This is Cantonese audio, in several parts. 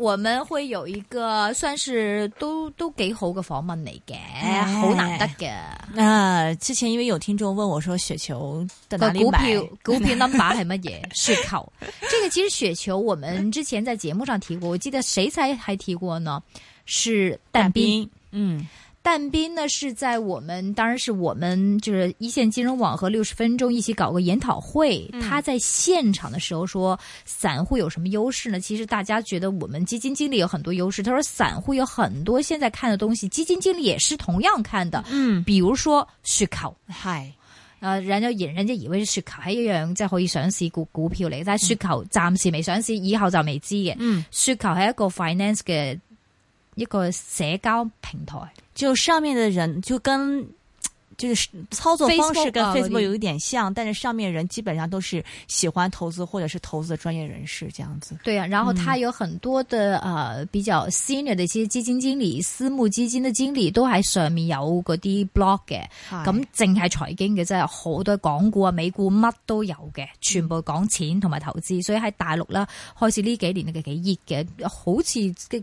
我們會有一個算是都都幾好嘅訪問嚟嘅，好難得嘅。啊、哎呃，之前因為有聽眾問我說雪球在哪裏買？股票股票 number 係乜嘢？雪球，這個其實雪球我們之前在節目上提過，我記得誰才還提過呢？是但斌，但斌嗯。但斌呢是在我們，當然是我們就是一線金融網和六十分鐘一起搞個研討會。嗯。他在現場的時候說，散戶有什麼優勢呢？其實大家覺得我們基金經理有很多優勢。他說，散戶有很多現在看的東西，基金經理也是同樣看的。嗯，比如說雪球，係呃，人家以人家以為是雪球還有人一樣在後可以上市股股票嚟，但係雪球暫時沒上市，以後就未知嘅。嗯，雪球係一個 finance 嘅。一個社交平台，就上面的人就跟，就是操作方式跟 Facebook 有一點像，嗯，但是上面人基本上都是喜歡投資或者是投資的專業人士，這樣子。對啊，然後他有很多的，嗯，比較 senior 的一些基金經理、私募基金的經理都喺上面有嗰啲 block 嘅，咁淨係財經嘅啫，好多港股啊、美股乜都有嘅，全部講錢同埋投資，嗯，所以喺大陸啦，開始呢幾年嘅幾熱嘅，好似，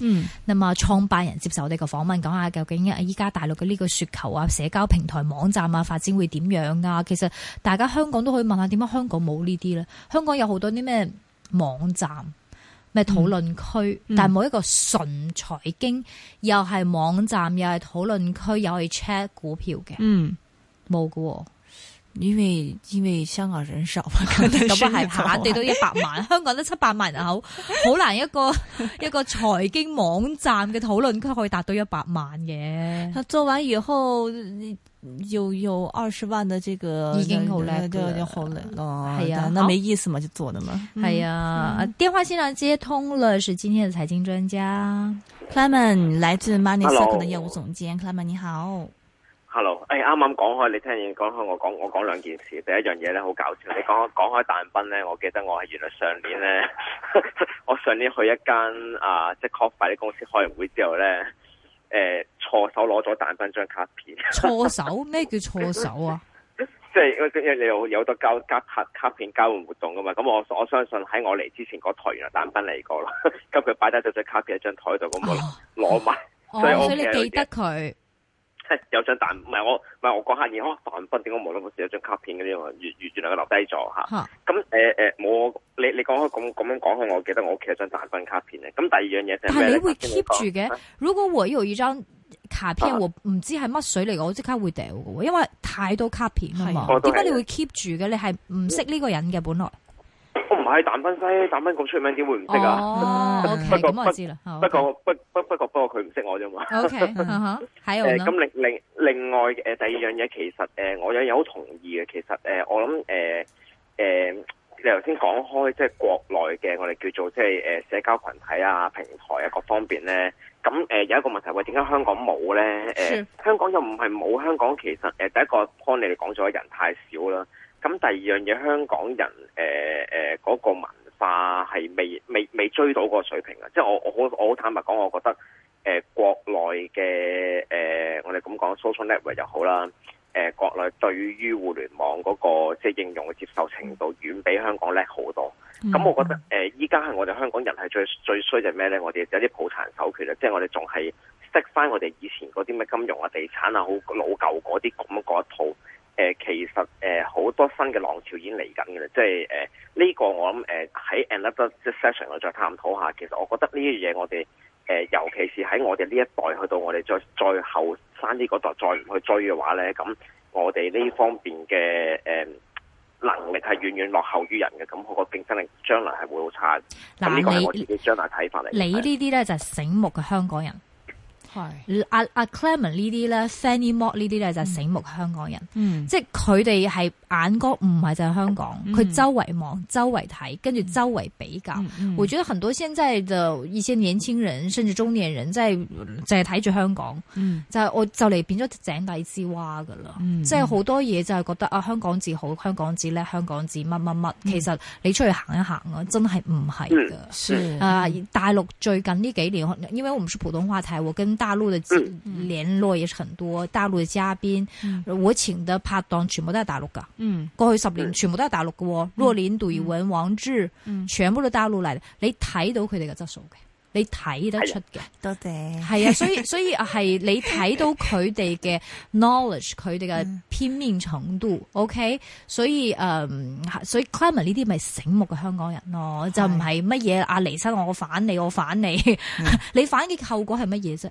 嗯，咁啊，創辦人接受我哋個訪問，講下究竟依家大陸嘅呢個雪球啊，社交平台網站啊，發展會點樣啊？其實大家香港都可以問下，點解香港冇呢啲呢？香港有好多啲咩網站咩討論區，嗯嗯、但冇一個純財經，又係網站，又係討論區，又係 check 股票嘅，嗯，冇嘅喎。因為因為香港人少，嘛咁啊係，起碼都要一百萬。香港， 香港都七百萬人口，好難一個 一個財經網站嘅討論區可以達到一百萬嘅。佢 做完以後有有二十萬的這個已經好叻，已經好叻。哎呀，哦啊、那沒意思嘛，就做的嘛。哎呀、啊嗯嗯，電話綫上接通了，是今天的財經專家 Clement 來自 Money Circle 的業務總監 Clement 你好。hello，哎，啱啱講開，你聽見講開我講，我講兩件事。第一樣嘢咧好搞笑，你講講開彈賓咧，我記得我係原來上年咧，我上年去一間啊，即係 coffee 公司開完會之後咧，誒、呃，錯手攞咗彈賓張卡片。錯手？咩叫錯手啊？即係你有有得交交卡卡片交換活動噶嘛？咁我我相信喺我嚟之前嗰台原來彈賓嚟過啦，咁佢擺低咗張卡片喺張台度，咁我攞埋。哦，所以你記得佢。哎、有張大，唔係我唔係我講下嘢，可能大分點解冇諗到有一張卡片嘅呢原來佢留低咗吓？咁誒誒，冇、嗯呃、你你講開咁咁樣講開，我記得我屋企有張大分卡片咧。咁第二樣嘢，但係你會 keep 住嘅。如果我遇到一張卡片，啊、我唔知係乜水嚟，我即刻會掉嘅，因為太多卡片啊，點解你會 keep 住嘅？你係唔識呢個人嘅、嗯、本來。喺淡芬西淡芬咁出名，點會唔識啊？哦、oh，OK，咁我知啦、okay。不過不不不過不過佢唔識我啫嘛、okay, uh -huh。OK，嗯、咁另另另外誒第二樣嘢，其實我有嘢好同意嘅。其實我諗誒你頭先講開即係國內嘅，我哋叫做即係社交群體啊、平台啊各方面咧。咁有一個問題，喂，點解香港冇咧？香港又唔係冇香港。其實第一個 point 你哋 n 講咗，人太少啦。咁第二樣嘢，香港人誒誒嗰個文化係未未未追到個水平啊！即係我我我好坦白講，我覺得誒、呃、國內嘅誒、呃、我哋咁講 social network 又好啦，誒、呃、國內對於互聯網嗰、那個即係應用嘅接受程度遠比香港叻好多。咁、mm -hmm. 我覺得誒依家係我哋香港人係最最衰就咩咧？我哋有啲抱殘守缺啦，即係我哋仲係識翻我哋以前嗰啲咩金融啊、地產啊，好老舊嗰啲咁嗰一套。誒、呃，其實誒，好、呃、多新嘅浪潮已經嚟緊嘅啦，即係誒呢個我諗誒喺 another session 度再探討下。其實我覺得呢啲嘢我哋誒、呃，尤其是喺我哋呢一代去到我哋再再後生啲嗰代再唔去追嘅話咧，咁我哋呢方面嘅誒、呃、能力係遠遠落後於人嘅，咁佢個競爭力將來係會好差。嗱，呢個你係我自己將來睇法嚟，你這些呢啲咧就係、醒目嘅香港人。係阿阿 Clement 呢啲咧，Fanny Mo 呢啲咧就係、醒目香港人，嗯、即係佢哋係。眼角唔係就係、是、香港，佢、嗯、周圍望、周圍睇，跟住周圍比較、嗯嗯。我覺得很多現在的一些年輕人，甚至中年人，真係淨係睇住香港，嗯、就係、是、我就嚟變咗井底之蛙噶啦。即係好多嘢就係覺得啊，香港至好，香港至叻，香港至乜乜乜。其實你出去行一行啊，真係唔係嘅。啊，大陸最近呢幾年，因為我唔說普通話題，睇我跟大陸的聯絡也是很多、嗯，大陸的嘉賓，嗯、我請的 partner 全部都係大陸噶。嗯，過去十年全部都係大陸嘅，果年杜要文、王志，全部都大陸嚟。你睇到佢哋嘅質素嘅，你睇得出嘅、哎，多謝。係啊，所以所以係你睇到佢哋嘅 knowledge，佢哋嘅片面程度，OK。所以誒、 嗯 okay? 嗯，所以 Clayman 呢啲咪醒目嘅香港人咯，就唔係乜嘢啊？黎生我反你，我反你，嗯、 你反嘅後果係乜嘢啫？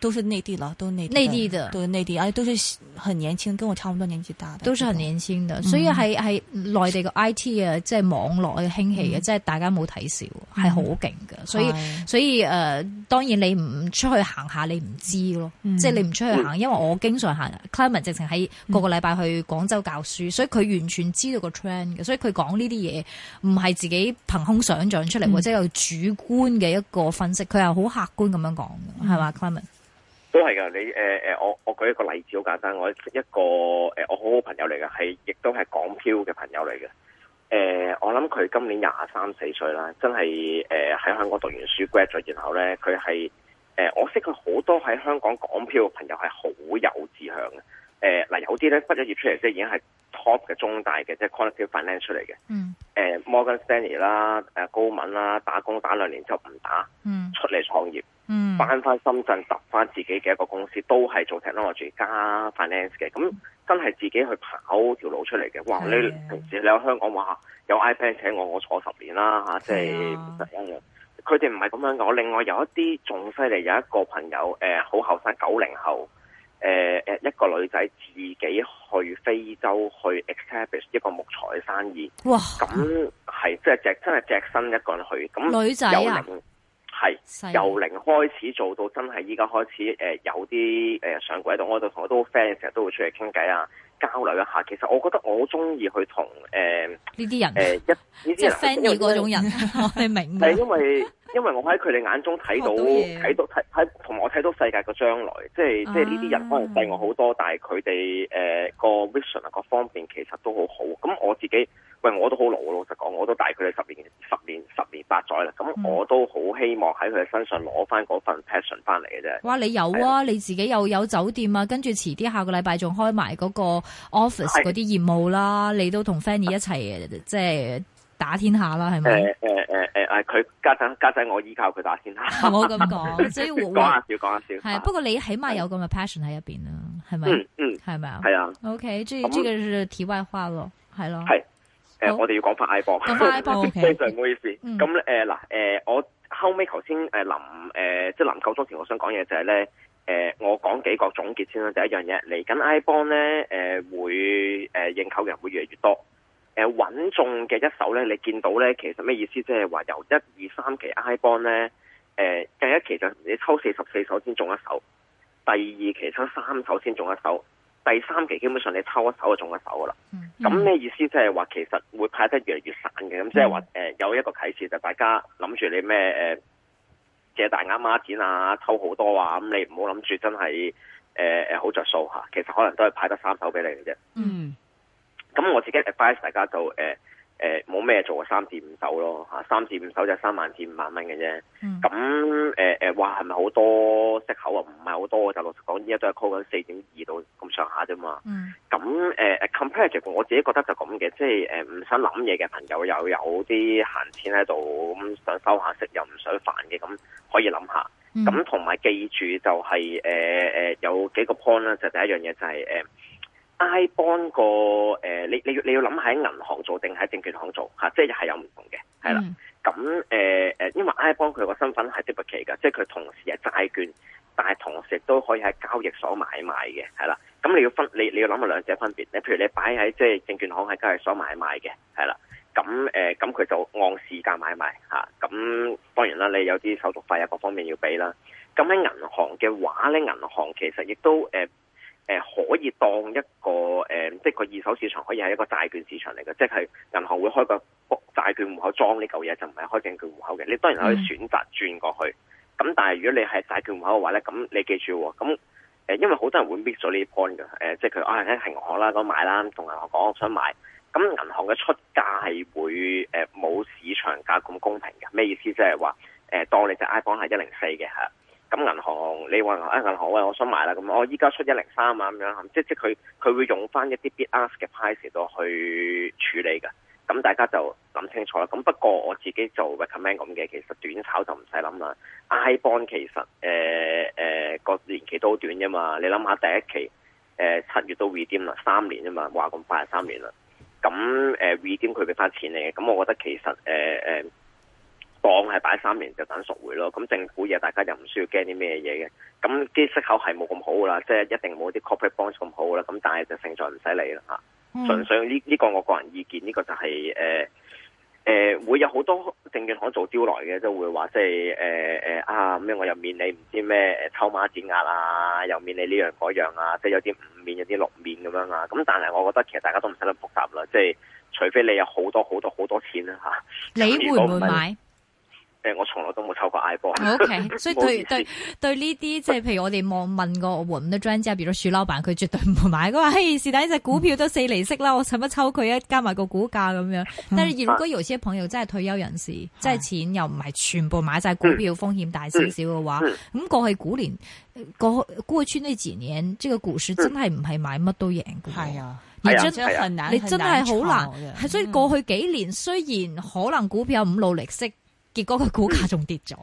都是內地啦，都內內地，地的，都內地，而且都是很年輕，跟我差唔多年紀大，都是很年輕的，所以係係內地嘅 IT 啊，即係網絡嘅興起啊，即係大家冇睇少，係好勁嘅，所以所以誒、呃，當然你唔出去行下，你唔知咯，即、嗯、係、就是、你唔出去行，因為我經常行 c l e m e n t e 直情喺個個禮拜去廣州教書，所以佢完全知道個 trend 嘅，所以佢講呢啲嘢唔係自己憑空想象出嚟、嗯，或者有主觀嘅一個分析，佢係好客觀咁樣講，係、嗯、嘛？都係噶，你誒誒、呃，我我舉一個例子好簡單，我一個誒、呃，我好好朋友嚟嘅，係亦都係港漂嘅朋友嚟嘅。誒、呃，我諗佢今年廿三四歲啦，真係誒喺香港讀完書 grad 咗。然後咧佢係誒，我識佢好多喺香港港漂嘅朋友係好有志向嘅。誒、呃、嗱，有啲咧畢咗業出嚟，即係已經係 top 嘅中大嘅，即係 quantitative finance 出嚟嘅。嗯。呃、Morgan Stanley 啦、啊，高敏啦，打工打兩年就唔打，嗯、出嚟創業，翻、嗯、翻深圳揼翻自己嘅一個公司，都係做 technology 加 finance 嘅。咁、嗯、真係自己去跑條路出嚟嘅。哇！你平時你喺香港話有 I-Bank 請我，我坐十年啦即係一樣。佢哋唔係咁樣。我另外有一啲仲犀利，有一個朋友好後生，九、呃、零後。誒、呃、誒，一個女仔自己去非洲去 establish 一個木材生意，哇！咁係即係隻真係隻身一個人去，咁女仔啊，係由零開始做到真係依家開始誒、呃、有啲誒、呃、上軌道，我就同我都好 friend 成日都會出嚟傾偈啊，交流一下。其實我覺得我好中意去同誒呢啲人誒、啊呃、一，人啊、即係 friend 嗰種人， 我係明嘅。因為我喺佢哋眼中睇到睇到睇睇，同埋我睇到世界嘅將來，即係、啊、即係呢啲人可能細我好多，但係佢哋誒個 vision 各方面其實都好好。咁我自己，喂，我都好老，老實講，我都大佢哋十年、十年、十年八載啦。咁我都好希望喺佢哋身上攞翻嗰份 passion 翻嚟嘅啫。哇！你有啊？你自己又有，有酒店啊？跟住遲啲下個禮拜仲開埋嗰個 office 嗰啲業務啦、啊。你都同 Fanny、啊、一齊即係。打天下啦，係咪？誒誒誒誒佢家陣家陣，呃呃呃、我依靠佢打天下。冇咁講，所以講下笑，講下笑。係不過你起碼有咁嘅 passion 喺入邊啊，係咪？嗯嗯，係咪啊？係啊。O K，即係即係題外話咯，係咯。係，誒、呃，我哋要講翻 iBond，講翻 iBond O K。非常唔好意思。咁誒嗱，誒、呃呃、我後尾頭先誒誒，即係臨夠鐘前我想、就是呃，我想講嘢就係咧，誒我講幾個總結先啦。第、就是、一樣嘢嚟緊 iBond 咧，誒、呃、會誒認購嘅人會越嚟越多。誒、呃，穩中嘅一手咧，你見到咧，其實咩意思？即係話由一、二、三期 iBond 咧，誒、呃，第一期就你抽四十四手先中一手，第二期抽三手先中一手，第三期基本上你抽一手就中一手噶啦。咁、嗯、咩意思？即係話其實會派得越嚟越散嘅。咁即係話誒，有一個啟示就係大家諗住你咩誒、呃，借大額孖展啊，抽好多啊，咁、嗯、你唔、呃、好諗住真係誒誒好着數吓，其實可能都係派得三手俾你嘅啫。嗯。咁我自己 advise 大家就誒冇咩做啊，三至五手咯吓，三至五手就三萬至五萬蚊嘅啫。咁誒誒，話係咪好多息口啊？唔係好多，就老實講，依家都係 call 緊四點二到咁上下啫嘛。咁、嗯、誒、呃、Comparative 我自己覺得就咁嘅，即係誒唔想諗嘢嘅朋友又有啲閒錢喺度，咁想收下息又唔想煩嘅，咁可以諗下。咁同埋記住就係、是、誒、呃呃、有幾個 point 啦，就第一樣嘢就係、是呃 I Bond 個誒，你你，你要你要諗喺銀行做定喺證券行做吓、啊，即係係有唔同嘅，係啦。咁誒誒，因為 I Bond 佢個身份係啲不奇噶，即係佢同時係債券，但係同時都可以喺交易所買賣嘅，係啦。咁你要分，你你要諗下兩者分別，你譬如你擺喺即係證券行喺交易所買賣嘅，係啦。咁、嗯、誒，咁、嗯、佢、嗯嗯嗯、就按市價買賣吓。咁、啊嗯、當然啦，你有啲手續費啊，各方面要俾啦。咁喺銀行嘅話咧，銀行其實亦都誒。嗯誒、呃、可以當一個誒、呃，即係個二手市場可以係一個債券市場嚟嘅，即係銀行會開個債券戶口裝呢嚿嘢，就唔係開證券戶口嘅。你當然可以選擇轉過去，咁但係如果你係債券戶口嘅話咧，咁你記住，咁誒、呃，因為好多人會 miss 咗呢啲 point 嘅，誒、呃，即係佢啊係睇平啦，咁買啦，同銀行講我想買，咁銀行嘅出價係會誒冇、呃、市場價咁公平嘅，咩意思就是說？即係話誒當你隻 iBond 係一零四嘅嚇。咁銀行，你話啊、哎、銀行啊，我想買啦，咁我依家出一零三啊，咁樣，即即佢佢會用翻一啲 bid ask 嘅 price 度去處理嘅，咁大家就諗清楚啦。咁不過我自己做 recommend 咁嘅，其實短炒就唔使諗啦。I bond 其實誒誒個年期都好短啫嘛，你諗下第一期誒、呃、七月都 redeem 啦，三年啫嘛，話咁快三年啦，咁誒、呃、redeem 佢俾翻錢你，咁我覺得其實誒誒。呃呃當係擺三年就等贖回咯。咁政府嘢，大家又唔需要驚啲咩嘢嘅。咁啲息口係冇咁好噶啦，即係一定冇啲 corporate bond 咁好啦。咁但係就勝在唔使理啦嚇。嗯、純粹呢呢個我個人意見，呢、呢個就係誒誒會有好多證券行做招徠嘅，即係會話即係誒誒啊咩？我又免你唔知咩抽孖展壓啊，又免你呢樣嗰樣啊，即係有啲五免、有啲六免咁樣啊。咁但係我覺得其實大家都唔使咁複雜啦，即係除非你有好多好多好多，多錢啦嚇。你會唔會買？ 我從來都冇抽過 iBond。O K，所以對 對對呢啲，即係、就是、譬如我哋望問過我們的專家，比如鼠老闆，佢絕對唔會買。佢話：嘿，是但隻股票都四厘息啦、嗯，我使乜抽佢啊？加埋個股價咁樣。但係如果有些朋友真係退休人士，真、嗯、係錢又唔係全部買晒股票，嗯、風險大少少嘅話，咁、嗯嗯、過去股年過過去呢幾年，即、這、係個股市真係唔係買乜都贏係、嗯嗯、啊，啊，你真係好、啊、難、啊難，所以過去幾年、嗯、雖然可能股票有五六厘息。結果個股價仲跌咗，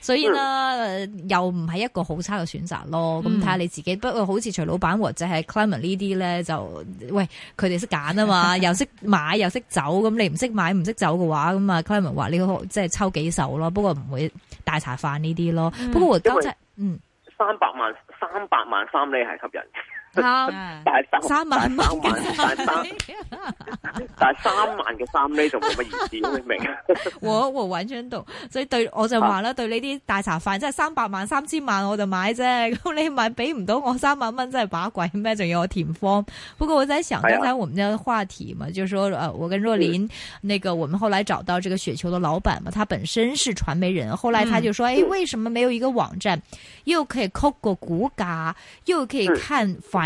所以啦、嗯，又唔係一個好差嘅選擇咯。咁睇下你自己。不過好似徐老闆或者係 Clayman 呢啲咧，就喂佢哋識揀啊嘛， 又識買又識走。咁你唔識買唔識走嘅話，咁啊 Clayman 話你即係抽幾手咯。不過唔會大茶飯呢啲咯、嗯。不過我今即嗯，三百萬三百萬三厘係吸引。 好，但三,三萬、三萬、三， 但係三萬嘅三呢，仲冇乜意思，明 唔我我完全懂，所以對我就話啦， 對呢啲大茶飯，即係三百萬、三千萬，我就買啫。咁 你買俾唔到我三萬蚊，真係把鬼咩？仲要我填 form？不過我在想，剛才我們嘅話題嘛， 就說，呃我跟若琳、嗯，那個我們後來找到這個雪球的老闆嘛，他本身是傳媒人，後來他就說，誒、嗯哎，為什麼沒有一個網站，又可以摳個股價又可以看反、嗯？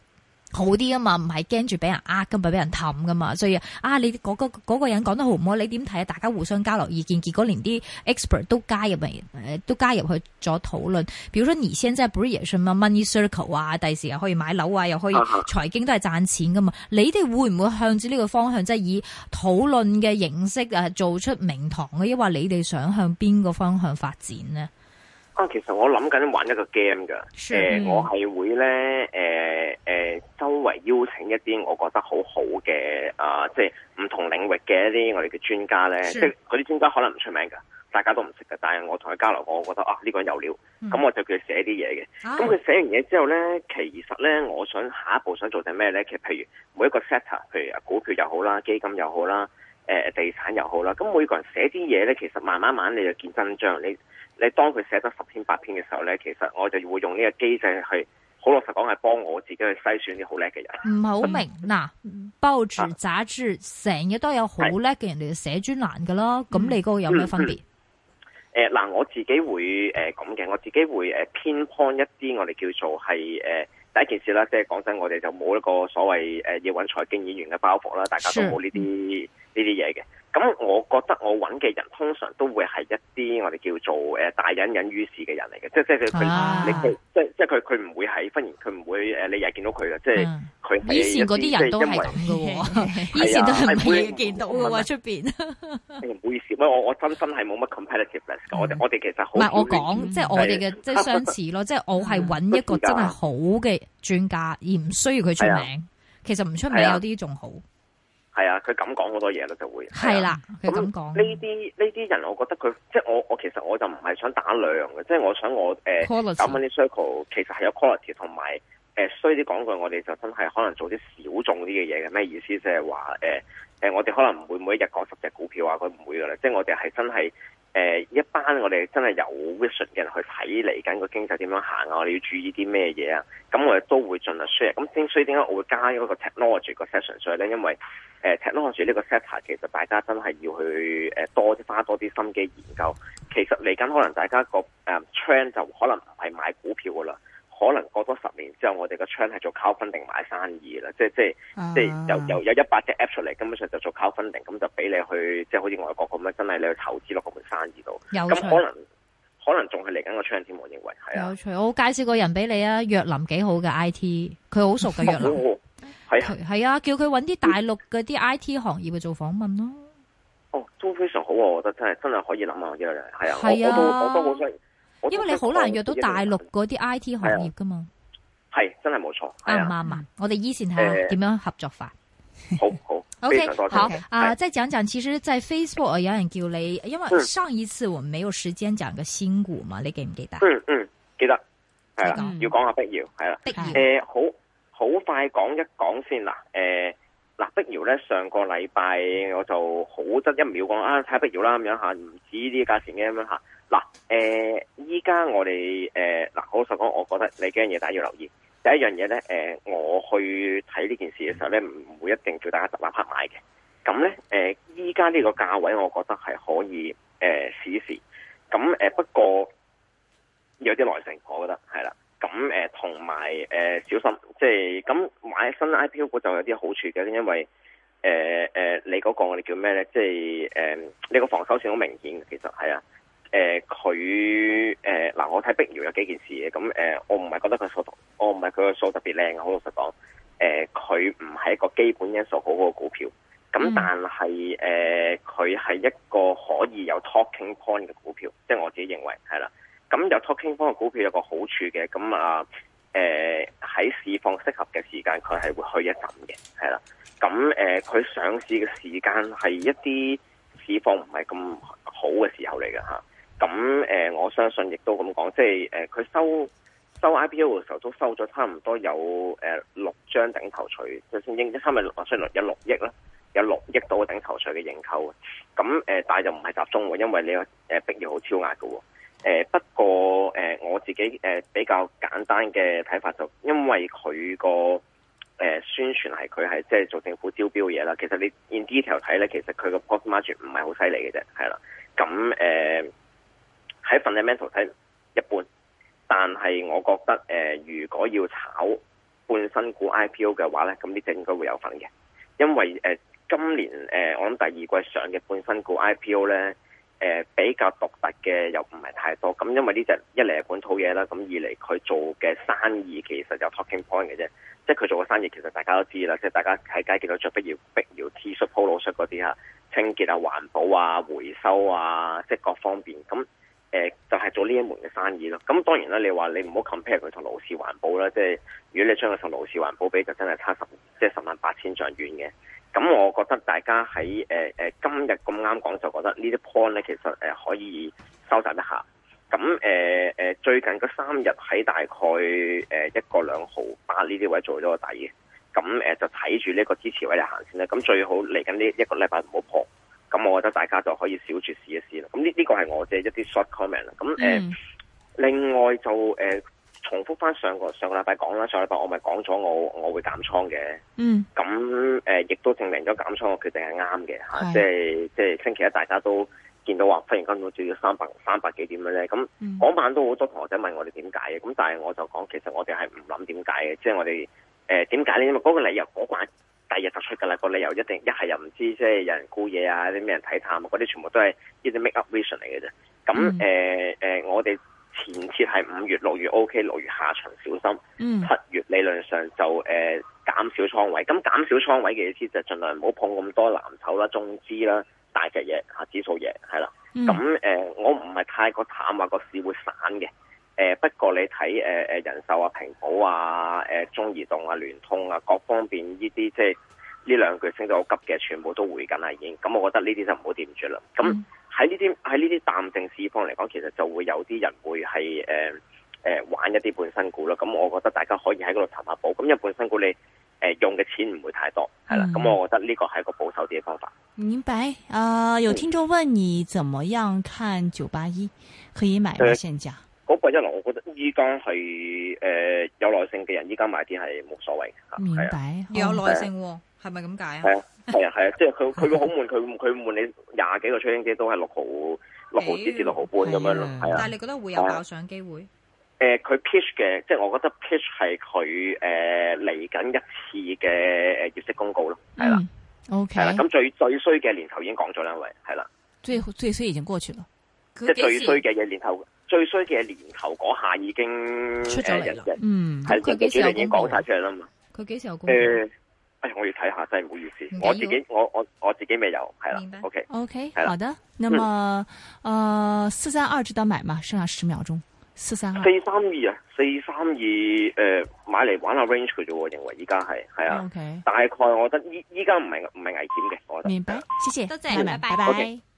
好啲啊嘛，唔係驚住俾人呃㗎嘛，俾人氹噶嘛，所以啊，你嗰個嗰個人講得好唔好，你點睇啊？大家互相交流意見，結果連啲 expert 都加入嚟、呃，都加入去咗討論。譬如說而先即係 breeding money circle 啊，第時又可以買樓啊，又可以財經都係賺錢噶嘛。你哋會唔會向住呢個方向，即係以討論嘅形式做出名堂嘅？亦或你哋想向邊個方向發展呢？啊，其實我諗緊玩一個 game 噶，誒、呃，我係會咧，誒、呃、誒、呃，周圍邀請一啲我覺得好好嘅，啊、呃，即係唔同領域嘅一啲我哋嘅專家咧，即係嗰啲專家可能唔出名噶，大家都唔識噶，但係我同佢交流，我覺得啊，呢、這個人有料，咁、嗯、我就叫佢寫啲嘢嘅，咁、啊、佢寫完嘢之後咧，其實咧，我想下一步想做啲咩咧，其實譬如每一個 sector，譬如啊股票又好啦，基金又好啦，誒、呃、地產又好啦，咁每一個人寫啲嘢咧，其實慢，慢慢慢你就見真章，你。你當佢寫得十篇八篇嘅時候咧，其實我就會用呢個機制去，好老實講係幫我自己去篩選啲好叻嘅人。唔係好明嗱，報、嗯、紙、雜、啊、誌，成日都有好叻嘅人嚟寫專欄嘅咯。咁、嗯、你嗰個有咩分別？誒、嗯、嗱、嗯呃，我自己會誒噉嘅，我自己會誒偏幫一啲我哋叫做係誒、呃、第一件事啦，即係講真，我哋就冇一個所謂誒要揾財經演員嘅包袱啦，大家都冇呢啲，呢啲嘢嘅，咁、嗯、我覺得我揾嘅人通常都會係一啲我哋叫做誒大隱隱於市嘅人嚟嘅，即係、啊、即係佢你即係即係佢佢唔會喺忽然佢唔會誒你又見到佢嘅，即係佢以前嗰啲人都係咁嘅，以前都係冇嘢見到嘅喎出邊。唔、哎哎哎、好意思，唔係我我真心係冇乜 competitive 嘅，我哋、嗯、我哋其實好唔係我講，即係、就是、我哋嘅即係相似咯，即、啊、係、就是、我係揾一個真係好嘅專家，家，而唔需要佢出名，啊、其實唔出名有啲仲好。係啊，佢咁講好多嘢啦，就會係啦。咁呢啲呢啲人，我覺得佢即係我我其實我就唔係想打量嘅，即係我想我誒，呃 quality. 搞緊啲 circle，其實係有 quality 同埋誒衰啲講句，我哋就真係可能做啲小眾啲嘅嘢嘅。咩意思、就是呃每天每天？即係話誒誒，我哋可能唔會每一日講十隻股票啊，佢唔會噶啦。即係我哋係真係。誒、呃、一班我哋真係有 vision 嘅人去睇嚟緊個經濟點樣行啊！我哋要注意啲咩嘢啊？咁我哋都會盡量 share。咁所以點解我會加咗個 technology 個 session 咧？因為 technology 呢個 sector 其實大家真係要去誒多啲花多啲心機研究。其實嚟緊可能大家個 trend 就可能唔係買股票噶啦。可能過多十年之後，我哋個窗係做 crowdfunding 買生意啦，即係即即、啊、有有有一百隻 app 出嚟，根本上就做 crowdfunding，咁就俾你去即係好似外國咁樣，真係你去投資落嗰盤生意度。有咁可能可能仲係嚟緊個窗添，我認為係啊。有趣，我介紹個人俾你啊，若林幾好嘅 IT，佢好熟嘅若 若林，係 啊，啊，叫佢揾啲大陸嗰啲 IT 行業去做訪問咯。哦，都非常好，我覺得真係真係可以諗下呢個人。係啊，我都我都好想。因為你好難約到大陸嗰啲 I T 行業噶嘛，係、啊、真係冇錯。啱唔啱啊？我哋依線睇下點樣合作法。好好 ，OK，好、okay。啊，再講講，其實在 Facebook 我有人叫你，因為上一次我們沒有時間講個新股嘛，嗯，你記唔記得？嗯嗯，記得係啦，啊嗯，要講下必要係啦。誒、啊呃，好好快講一講先啦，誒、呃。嗱，碧瑤咧，上個禮拜我就好得一秒講啊，睇下碧瑤啦咁樣吓，唔止呢啲價錢嘅咁樣吓。嗱，誒、呃，依家我哋誒，嗱，老實講，我覺得你幾樣嘢，大家要留意。第一樣嘢咧，誒、呃，我去睇呢件事嘅時候咧，唔會一定叫大家立刻拍買嘅。咁咧，誒、呃，依家呢個價位，我覺得係可以誒試試。咁誒，不過有啲耐性，我覺得係啦。咁誒，同埋誒小心，即係咁買新 IPO 股就有啲好處嘅，因為誒誒、呃呃，你嗰、那個我哋叫咩咧？即係誒，你、呃這個防守性好明顯嘅，其實係啊。誒佢誒嗱，我睇碧瑤有幾件事嘅，咁誒、呃，我唔係覺得佢數，我唔係佢個數特別靚嘅，好老實講。誒、呃，佢唔係一個基本因素好個股票，咁、mm -hmm. 但係誒，佢、呃、係一個可以有 talking point 嘅股票，即係我自己認為係啦。咁有 Talking 方嘅股票有個好處嘅，咁啊，喺、呃、市況適合嘅時間，佢係會去一陣嘅，係啦。咁誒，佢、呃、上市嘅時間係一啲市況唔係咁好嘅時候嚟嘅吓。咁誒，我相信亦都咁講，即係誒，佢、呃、收收 IPO 嘅時候都收咗差唔多有誒、呃、六張頂頭槌，就算應一三唔多六張，有六億啦，有六億到頂頭槌嘅認購。咁誒、呃，但係就唔係集中喎，因為你誒必要好超額嘅喎。誒、呃，不過誒、呃，我自己誒、呃、比較簡單嘅睇法就，因為佢個誒宣傳係佢係即係做政府招標嘢啦，其實你 in detail 睇咧，其實佢個 post margin 唔係好犀利嘅啫，係啦。咁誒喺 fundamental 睇一般，但係我覺得誒、呃，如果要炒半新股 IPO 嘅話咧，咁呢隻應該會有份嘅，因為誒、呃、今年誒、呃、我諗第二季上嘅半新股 IPO 咧。誒、呃、比較獨特嘅又唔係太多，咁、嗯、因為呢隻一嚟係本土嘢啦，咁、嗯、二嚟佢做嘅生意其實有 talking point 嘅啫，即係佢做嘅生意其實大家都知啦，即係大家喺街見到著最必要必要 T 恤 Polo shirt 嗰啲啊，清潔啊、環保啊、回收啊，即係各方面。咁、嗯、誒、呃，就係、是、做呢一門嘅生意啦，咁、嗯、當然啦，你話你唔好 compare 佢同老市環保啦，即係如果你將佢同老市環保比，就真係差十即係十萬八千丈遠嘅。咁我覺得大家喺誒、呃、今日咁啱講就覺得呢啲 point 咧，其實、呃、可以收集一下。咁誒、呃、最近嗰三日喺大概誒一個兩毫八呢啲位做咗個底嘅。咁誒、呃、就睇住呢個支持位就行先啦。咁最好嚟緊呢一個禮拜唔好破。咁我覺得大家就可以小注試一試啦。咁呢呢個係我嘅一啲 short comment 啦。咁、呃、誒、嗯、另外就誒，呃重複翻上個上個禮拜講啦，上個禮拜我咪講咗我我會減倉嘅。嗯，咁誒，亦都證明咗減倉我決定係啱嘅吓，即係即係星期一大家都見到話忽然間到咗三百三百幾點嘅咧。咁嗰晚都好多同學仔問我哋點解嘅，咁但係我就講，其實我哋係唔諗點解嘅，即係我哋誒點解咧？因為嗰個理由嗰晚第二日突出噶啦，個理由一定一係又唔知，即係有人沽嘢啊、啲咩人睇淡啊，嗰啲全部都係呢啲 make up vision 嚟嘅啫。咁誒誒，我哋。前設係五月、六月 OK，六月下旬小心。七月理論上就誒減、呃、少倉位，咁減少倉位嘅意思就盡量唔好碰咁多藍籌啦、中資啦、大隻嘢吓指數嘢係啦。咁誒、呃、我唔係太過淡話個市會散嘅。誒、呃、不過你睇誒誒人壽啊、平保啊、誒中移動啊、聯通啊，各方面呢啲即係呢兩句升就好急嘅，全部都回緊啦已經。咁我覺得呢啲就唔好掂住啦。咁。嗯喺呢啲喺呢啲淡定市況嚟講，其實就會有啲人會係誒誒玩一啲半新股咯。咁、嗯、我覺得大家可以喺嗰度探下寶。咁一半新股你誒、呃、用嘅錢唔會太多，係啦。咁、嗯嗯嗯、我覺得呢個係一個保守啲嘅方法。明白。啊、呃，有聽眾問你，怎麼樣看九八一可以買賣現價？嗰、嗯那個一來，我覺得依家係誒有耐性嘅人，依家買啲係冇所謂。明白，又有耐性喎，係咪咁解啊？係 啊，係啊，即係佢佢會好悶，佢佢悶你廿幾個出聲機都係六毫六毫之至六毫半咁樣咯，係啊。但係你覺得會有爆上機會？誒、啊，佢、呃、pitch 嘅，即係我覺得 pitch 係佢誒嚟緊一次嘅業績公告咯，係啦、嗯、，OK，係啦。咁最最衰嘅年頭已經講咗啦，位係啦。最最衰已經過去了，即係最衰嘅嘢年頭，最衰嘅年頭嗰下已經出咗嚟啦。嗯，係佢幾時已經講晒出嚟啦嘛？佢幾時有公哎，我要睇下，真係唔好意思，我自己我我我自己未有，係啦，明白，OK OK，係啦，好的，那麼，嗯、呃，四三二值得買嘛？剩下十秒鐘，四三二，四三二啊，四三二，誒，買嚟玩下 range 嘅啫，啊，我認為依家係，係啊、okay，大概我覺得依依家唔係唔係危險嘅，我覺得。明白，謝謝，多謝，拜拜，拜拜。Okay.